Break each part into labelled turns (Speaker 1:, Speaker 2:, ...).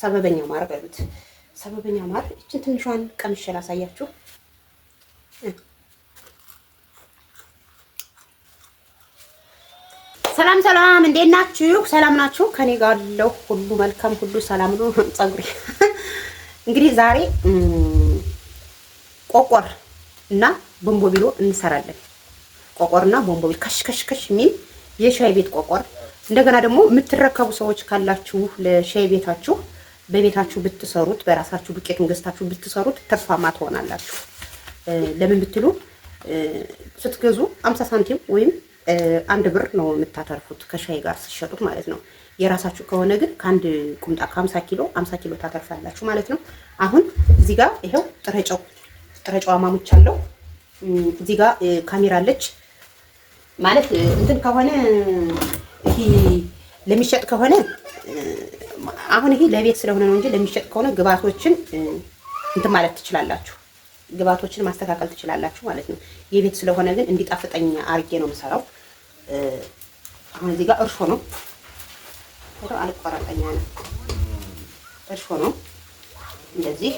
Speaker 1: ሰበበኛ ማር በሉት። ሰበበኛ ማር እችን ትንሿን ቀምሼ ላሳያችሁ። ሰላም ሰላም፣ እንዴት ናችሁ? ሰላም ናችሁ? ከኔ ጋር አለው ሁሉ መልካም፣ ሁሉ ሰላም ነው። ፀጉሬ እንግዲህ ዛሬ ቆቆር እና ቦምቦ ቢሎ እንሰራለን። ቆቆርና ቦምቦ ቢል ከሽ ከሽ ከሽ የሚል የሻይ ቤት ቆቆር እንደገና ደግሞ የምትረከቡ ሰዎች ካላችሁ ለሻይ ቤታችሁ በቤታችሁ ብትሰሩት በራሳችሁ ዱቄቱን ገዝታችሁ ብትሰሩት ትርፋማ ትሆናላችሁ። ለምን ብትሉ ስትገዙ አምሳ ሳንቲም ወይም አንድ ብር ነው የምታተርፉት ከሻይ ጋር ስሸጡት ማለት ነው። የራሳችሁ ከሆነ ግን ከአንድ ቁምጣ ከአምሳ ኪሎ አምሳ ኪሎ ታተርፋላችሁ ማለት ነው። አሁን እዚህ ጋር ይኸው ጥረጨው ጥረጨው አማሙች አለው እዚህ ጋር ካሜራ አለች ማለት እንትን ከሆነ ለሚሸጥ ከሆነ አሁን ይሄ ለቤት ስለሆነ ነው እንጂ ለሚሸጥ ከሆነ ግብአቶችን እንትን ማለት ትችላላችሁ። ግብአቶችን ማስተካከል ትችላላችሁ ማለት ነው። የቤት ስለሆነ ግን እንዲጣፍጠኝ አርጌ ነው የምሰራው። አሁን እዚህ ጋር እርሾ ነው። አልቆረጠኛ ነው እርሾ ነው። እንደዚህ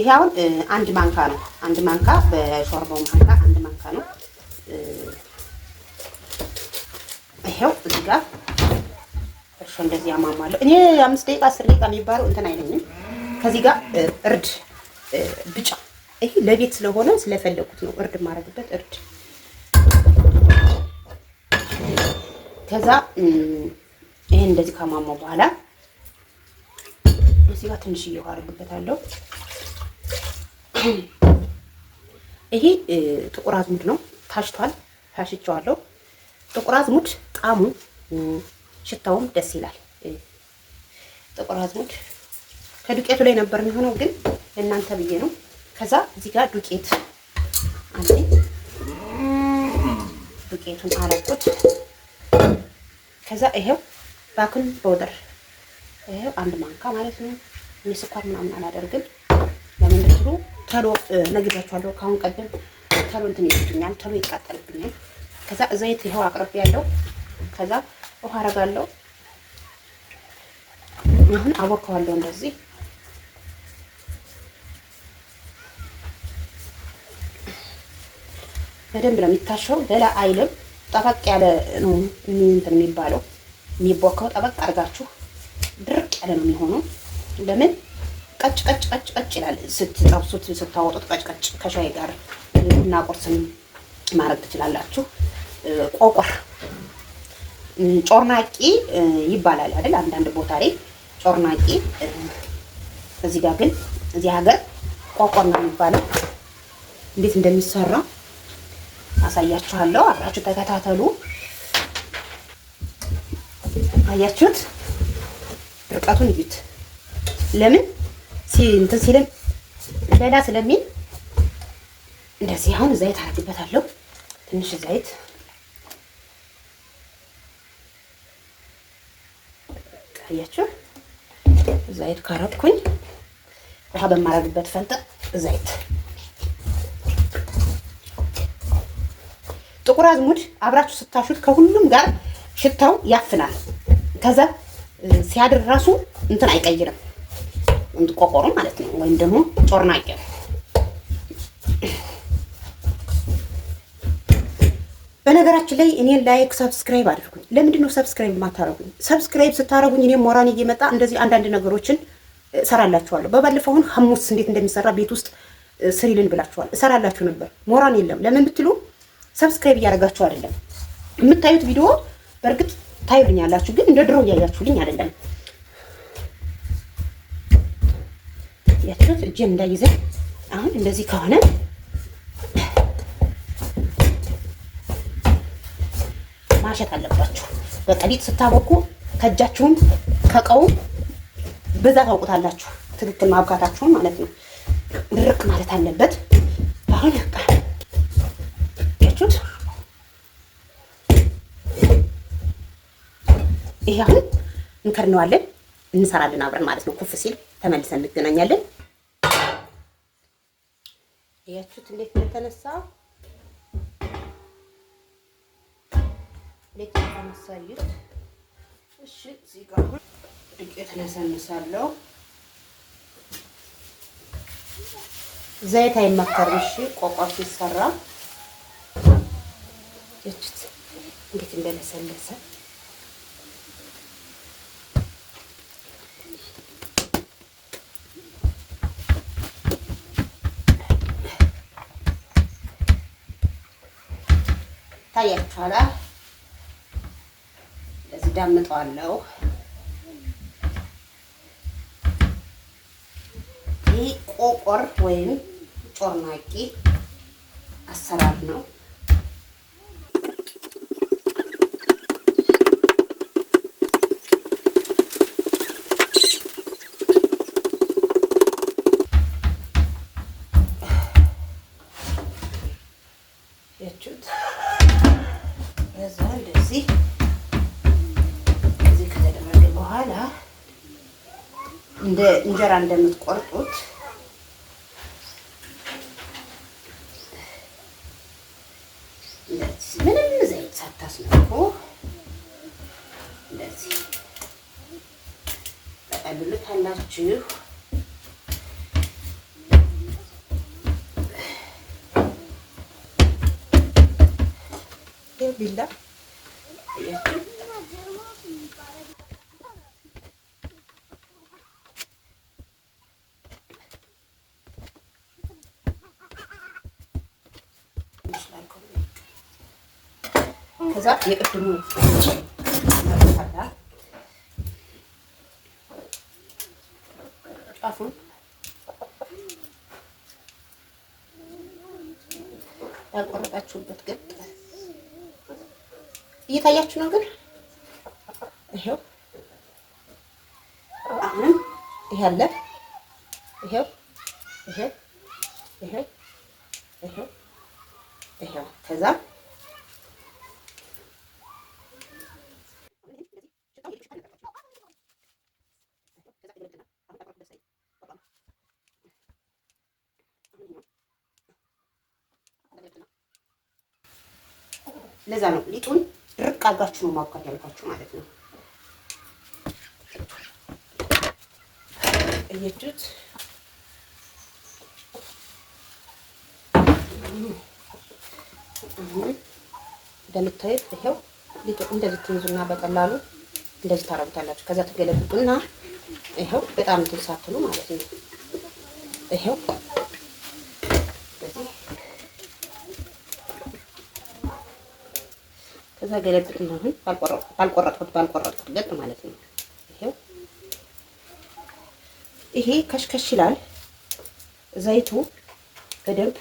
Speaker 1: ይሄ አሁን አንድ ማንካ ነው። አንድ ማንካ በሾርባው ማንካ አንድ ማንካ ነው። ይሄው እዚህ ጋር እርሾ እንደዚህ ያማማለሁ። እኔ አምስት ደቂቃ አስር ደቂቃ የሚባለው እንትን አይለኝም። ከዚህ ጋር እርድ ብጫ፣ ይሄ ለቤት ስለሆነ ስለፈለጉት ነው እርድ የማደርግበት እርድ። ከዛ ይሄን እንደዚህ ካማማው በኋላ እዚህ ጋር ትንሽ ውሃ አደርግበታለሁ። ይሄ ጥቁር አዝሙድ ነው። ታሽቷል፣ ታሽቸዋለሁ ጥቁር አዝሙድ ጣሙ ሽታውም ደስ ይላል። ጥቁር አዝሙድ ከዱቄቱ ላይ ነበር የሚሆነው፣ ግን ለእናንተ ብዬ ነው። ከዛ እዚህ ጋር ዱቄት አለ። ዱቄቱን አረኩት። ከዛ ይሄው ባክን ፓውደር ይሄው አንድ ማንካ ማለት ነው። እኔ ስኳር ምናምን አላደርግም። ለምን ብትሉ ተሎ ነግዳችኋለሁ። ከአሁን ቀደም ተሎ እንትን ይሉኛል፣ ተሎ ይቃጠልብኛል። ከዛ ዘይት ይኸው አቅርብ ያለው ከዛ ውሃ አረጋለሁ። አሁን አቦካዋለሁ እንደዚህ በደንብ ነው የሚታሸው። ገላ አይልም። ጠበቅ ያለ ነው እንትን የሚባለው የሚቦከው ጠበቅ አድርጋችሁ ድርቅ ያለ ነው የሚሆነው። ለምን ቀጭ ቀጭ ቀጭ ቀጭ ይላል። ስትጠብሱት ስታወጡት ቀጭ ቀጭ። ከሻይ ጋር እና ቁርስን ማድረግ ትችላላችሁ። ቆቆር ጮርናቂ ይባላል አይደል? አንዳንድ ቦታ ላይ ጮርናቂ፣ እዚህ ጋር ግን እዚህ ሀገር ቆቆር ነው የሚባለው። እንዴት እንደሚሰራ አሳያችኋለሁ። አብራችሁ ተከታተሉ። አያችሁት? ርቀቱን እዩት። ለምን እንትን ሲልም ሌላ ስለሚል እንደዚህ አሁን ዘይት አደርግበታለሁ። ትንሽ ዘይት አያችሁ ዘይት ካረኩኝ ውሃ በማረግበት ፈንታ ዘይት ጥቁር አዝሙድ አብራችሁ ስታሹት ከሁሉም ጋር ሽታው ያፍናል። ከዛ ሲያድር ራሱ እንትን አይቀይርም፣ ቆቆሮ ማለት ነው፣ ወይም ደግሞ ጮርናቄ። በነገራችን ላይ እኔን ላይክ፣ ሰብስክራይብ አድርጉኝ። ለምንድን ነው ሰብስክራይብ ማታረጉኝ? ሰብስክራይብ ስታረጉኝ እኔ ሞራን እየመጣ እንደዚህ አንዳንድ ነገሮችን እሰራላችኋለሁ። በባለፈው አሁን ሐሙስ እንዴት እንደሚሰራ ቤት ውስጥ ስሪልን ብላችኋል፣ እሰራላችሁ ነበር። ሞራን የለም። ለምን ብትሉ ሰብስክራይብ እያደረጋችሁ አይደለም። የምታዩት ቪዲዮ በእርግጥ ታዩልኛላችሁ፣ ግን እንደ ድሮ እያያችሁልኝ አይደለም። ያችሁት እጄም እንዳይዘን አሁን እንደዚህ ከሆነ ማሸት አለባችሁ። በቃ ሊጥ ስታቦኩ ከእጃችሁም ከቀውም ብዛት አውቁታላችሁ። ትክክል ማብካታችሁን ማለት ነው። ድርቅ ማለት አለበት። አሁን በቃ ይሄ አሁን እንከድነዋለን እንሰራለን አብረን ማለት ነው። ኩፍ ሲል ተመልሰን እንገናኛለን። ያችሁት እንዴት እንደተነሳ ዱቄት አነሳዩት። እሺ እዚህ ጋር አሁን ዱቄት ነሰንሳለሁ። ዘይት አይመከርም። እሺ ቆቆ ሲሰራ እችት እንዴት ታያችኋል። አዳምጠዋለሁ። ይህ ቆቆር ወይም ጮርናቂ አሰራር ነው። እንጀራ እንደምትቆርጡት ምንም ዘይት ሳታስነኩ እንደዚህ ቢላ ከዛ የቅድሙ ጫፉን ያቆረጣችሁበት ገጥ እየታያችሁ ነው። ግን ይሄው አሁንም ይሄ አለ። ይሄው ይሄው ይሄው ይሄው ይሄው ከዛ ለዛ ነው ሊጡን ድርቅ አድርጋችሁ ነው ማብካት ያልኳችሁ ማለት ነው። እየቱት እንደምታዩት ይሄው ሊጡ እንደዚህ ትይዙና በቀላሉ እንደዚህ ታረጉታላችሁ። ከዛ ትገለብጡና ይሄው በጣም ትንሳትሉ ማለት ነው። ይሄው ከዛ ገለብጥ ነው አሁን ባልቆረጥኩት ባልቆረጥኩት ባልቆረጥኩት ገጥ ማለት ነው። ይሄው ይሄ ከሽከሽ ይላል። ዘይቱ በደንብ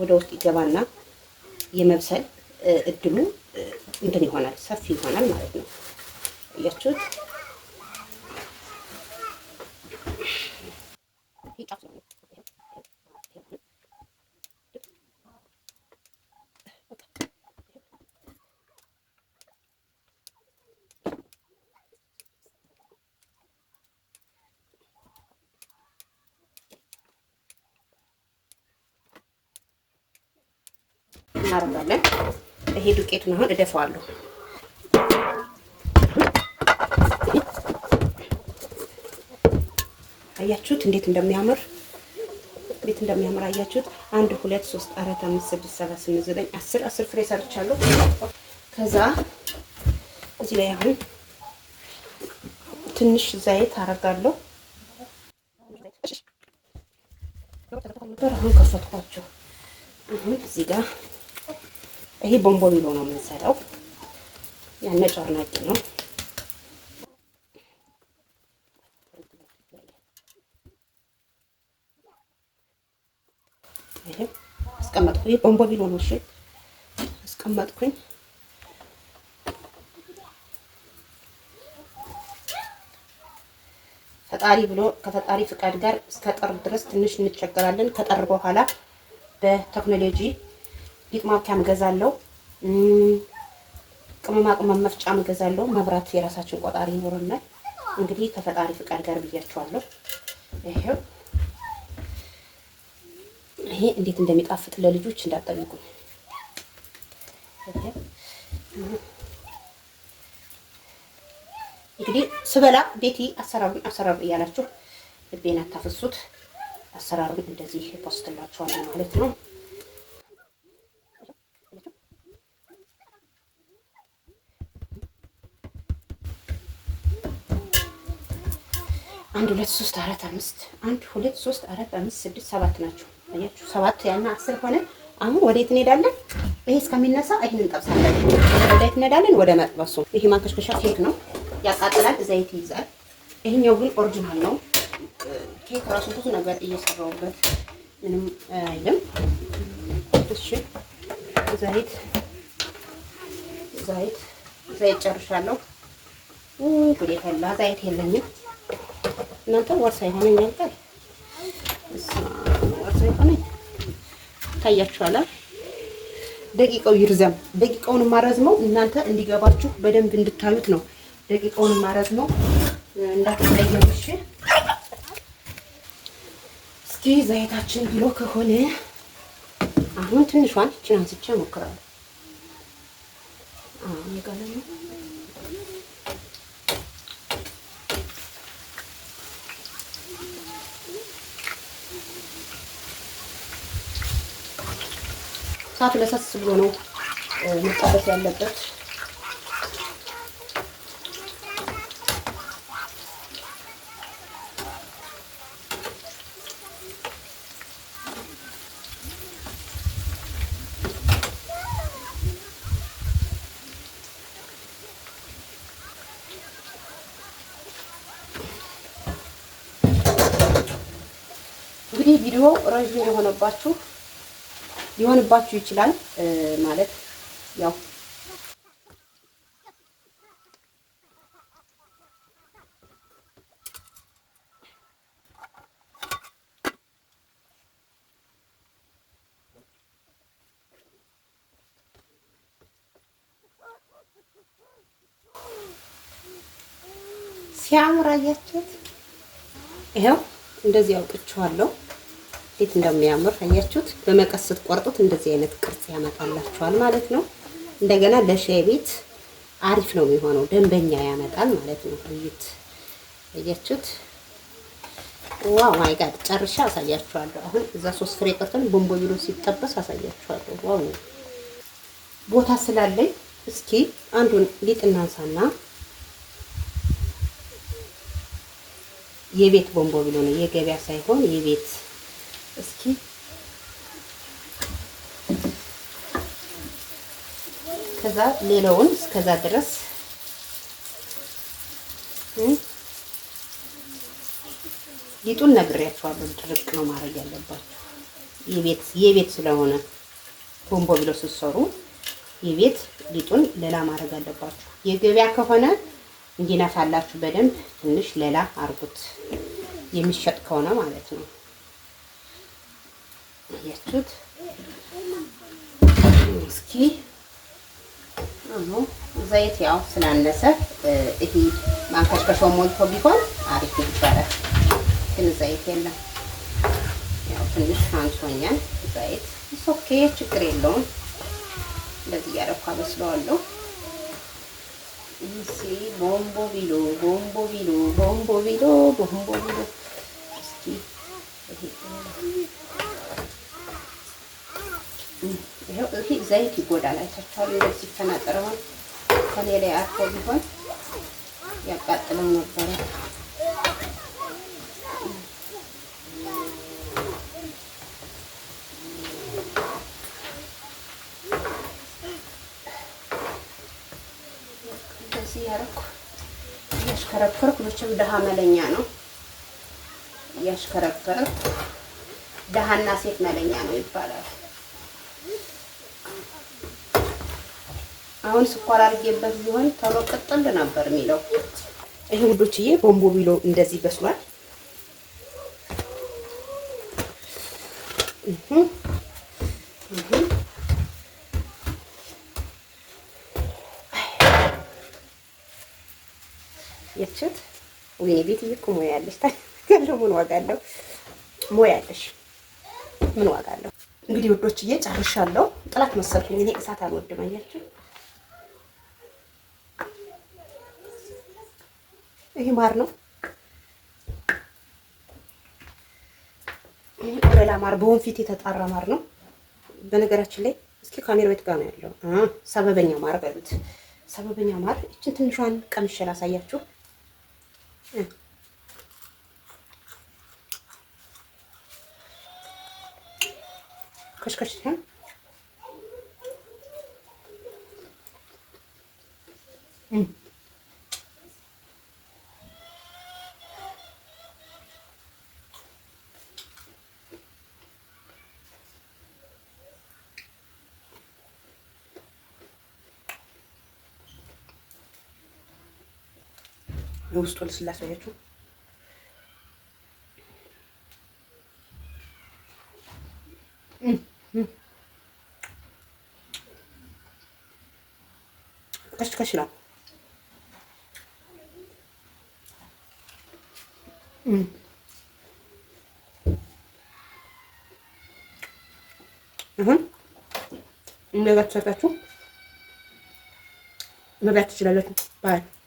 Speaker 1: ወደ ውስጥ ይገባና የመብሰል እድሉ እንትን ይሆናል፣ ሰፊ ይሆናል ማለት ነው። እያችሁት ይሄ ዱቄቱን አሁን እደፈዋለሁ አያችሁት እንዴት እንደሚያምር እንዴት እንደሚያምር አያችሁት። አንድ ሁለት ሶስት አራት አምስት ስድስት ሰባት ስምንት ዘጠኝ አስር አስር ፍሬ ሰርቻለሁ። ከዛ እዚህ ላይ አሁን ትንሽ ዘይት አረጋለሁ። አሁን ከፈትኳቸው አሁን እዚህ ጋር ይሄ ቦምቦሚሎ ነው የምንሰራው። ያነጩ አርናቂ ነው። አስቀመጥኩኝ። ቦምቦሚሎ ነው። እሺ አስቀመጥኩኝ። ፈጣሪ ብሎ ከፈጣሪ ፍቃድ ጋር እስከ ጥር ድረስ ትንሽ እንቸገራለን። ከጠር በኋላ በቴክኖሎጂ ሊጥ ማብኪያም ገዛለሁ፣ ቅመማ ቅመም መፍጫም ገዛለሁ። መብራት የራሳችን ቆጣሪ ይኖረናል። እንግዲህ ከፈጣሪ ፍቃድ ጋር ብያቸዋለሁ። ይሄው ይሄ እንዴት እንደሚጣፍጥ ለልጆች እንዳጠይቁኝ እንግዲህ ስበላ ቤቲ አሰራሩን አሰራሩ እያላችሁ ልቤን አታፍሱት። አሰራሩን እንደዚህ ፖስትላችኋለሁ ማለት ነው። አንድ ሁለት ሶስት አራት አምስት አንድ ሁለት ሶስት አራት አምስት ስድስት ሰባት ናቸው። አያችሁ ሰባት ያና አስር ሆነ። አሁን ወደ የት እንሄዳለን? ይሄ እስከሚነሳ ይህን እንጠብሳለን። ወደ የት እንሄዳለን? ወደ መጥበሱ። ይሄ ማንከሽከሻ ኬክ ነው፣ ያቃጥላል፣ ዘይት ይይዛል። ይሄኛው ግን ኦሪጂናል ነው። ኬክ ራሱ ብዙ ነገር እየሰራውበት ምንም አይልም። እሺ ዘይት ዘይት ዘይት ጨርሻለሁ። ጉዴ ፈላ። ዘይት የለኝም እናንተ ወርሳ የሆነኝ ያልቃል ወርሳ የሆነኝ ታያችኋላ። ደቂቃው ይርዘም። ደቂቃውን ማረዝመው እናንተ እንዲገባችሁ በደንብ እንድታዩት ነው። ደቂቃውን ማረዝመው እንዳትቀየምሽ። እስኪ ዘይታችን ብሎ ከሆነ አሁን ትንሿን ይችን አንስቼ እሞክራለሁ። እሳት ለሰስ ብሎ ነው መጠበስ ያለበት። እንግዲህ ቪዲዮ ረዥም የሆነባችሁ ሊሆንባችሁ ይችላል ማለት ያው ሲያምር አያችሁት? ይኸው እንደዚህ አውጥቼዋለሁ። እንዴት እንደሚያምር አያችሁት። በመቀስ ስትቆርጡት እንደዚህ አይነት ቅርጽ ያመጣላችኋል ማለት ነው። እንደገና ለሻይ ቤት አሪፍ ነው የሚሆነው፣ ደንበኛ ያመጣል ማለት ነው። እዩት፣ አያችሁት። ዋው ማይ ጋድ! ጨርሻ አሳያችኋለሁ። አሁን እዛ ሶስት ፍሬ ቀርተን ቦምቦ ቢሎ ሲጠበስ አሳያችኋለሁ። ዋው ቦታ ስላለኝ እስኪ አንዱን ሊጥ እናንሳና የቤት ቦምቦ ቢሎ ነው የገበያ ሳይሆን የቤት እስኪ ከዛ ሌላውን እስከዛ ድረስ ሊጡን ነግሬያቸዋለሁ። ድርቅ ነው ማድረግ ያለባቸው የቤት የቤት ስለሆነ ቦምቦ ብለው ስትሰሩ የቤት ሊጡን ለላ ማድረግ አለባችሁ። የገበያ ከሆነ እንዲነፋላችሁ በደንብ ትንሽ ለላ አርጉት፣ የሚሸጥ ከሆነ ማለት ነው። እያችሁት እስኪ ዘይት ያው ስላነሰ ይሄ ማንከሽከሻው ሞልቶ ቢሆን አሪፍ ይባላል፣ ግን ዘይት የለም። ያው ትንሽ አንሶኛል ዘይት። ኦኬ ችግር የለውም። እንደዚህ እያደረኩ አበስለዋለሁ። ይህ ቦምቦ ቢሎ ቦምቦ ቢሎ ቦምቦ ቢሎ ቦምቦ ቢሎ እስኪ ይኸው ይሄ ዘይት ይጎዳል። አይታችኋል? ዘይት ሲፈናጠረውን ከኔ ላይ አርፎ ቢሆን ያቃጥለው ነበረ። እንደዚህ ያደረኩ እያሽከረከርኩ፣ መቼም ደሃ መለኛ ነው እያሽከረከርኩ ደሃና ሴት መለኛ ነው ይባላል። አሁን ስኳር አድርጌበት ቢሆን ቶሎ ቅጥል ነበር የሚለው። ይሄ ውዶችዬ ቢሎ እንደዚህ በስሏል። የችት ወይኔ ቤትዬ እኮ ሞያ ያለሽ ምን ዋጋ አለው? ሞያ ያለሽ ምን ዋጋ አለው? እንግዲህ ውዶችዬ ጨርሻለሁ። ጥላት መሰልኩኝ እኔ እሳት አልወድም አያችሁ። ይሄ ማር ነው። ይሄ ቆለላ ማር በወንፊት የተጣራ ማር ነው። በነገራችን ላይ እስኪ ካሜራ ቤት ጋር ነው ያለው። ሰበበኛ ማር በሉት። ሰበበኛ ማር እችን ትንሿን ቀምሼ ላሳያችሁ። ከሽከሽ ነው የውስጡ ልስላሴ ከሽ ከሽ ነው። አሁን እንደዛ ተሰርታችሁ መብላት ትችላላችሁ።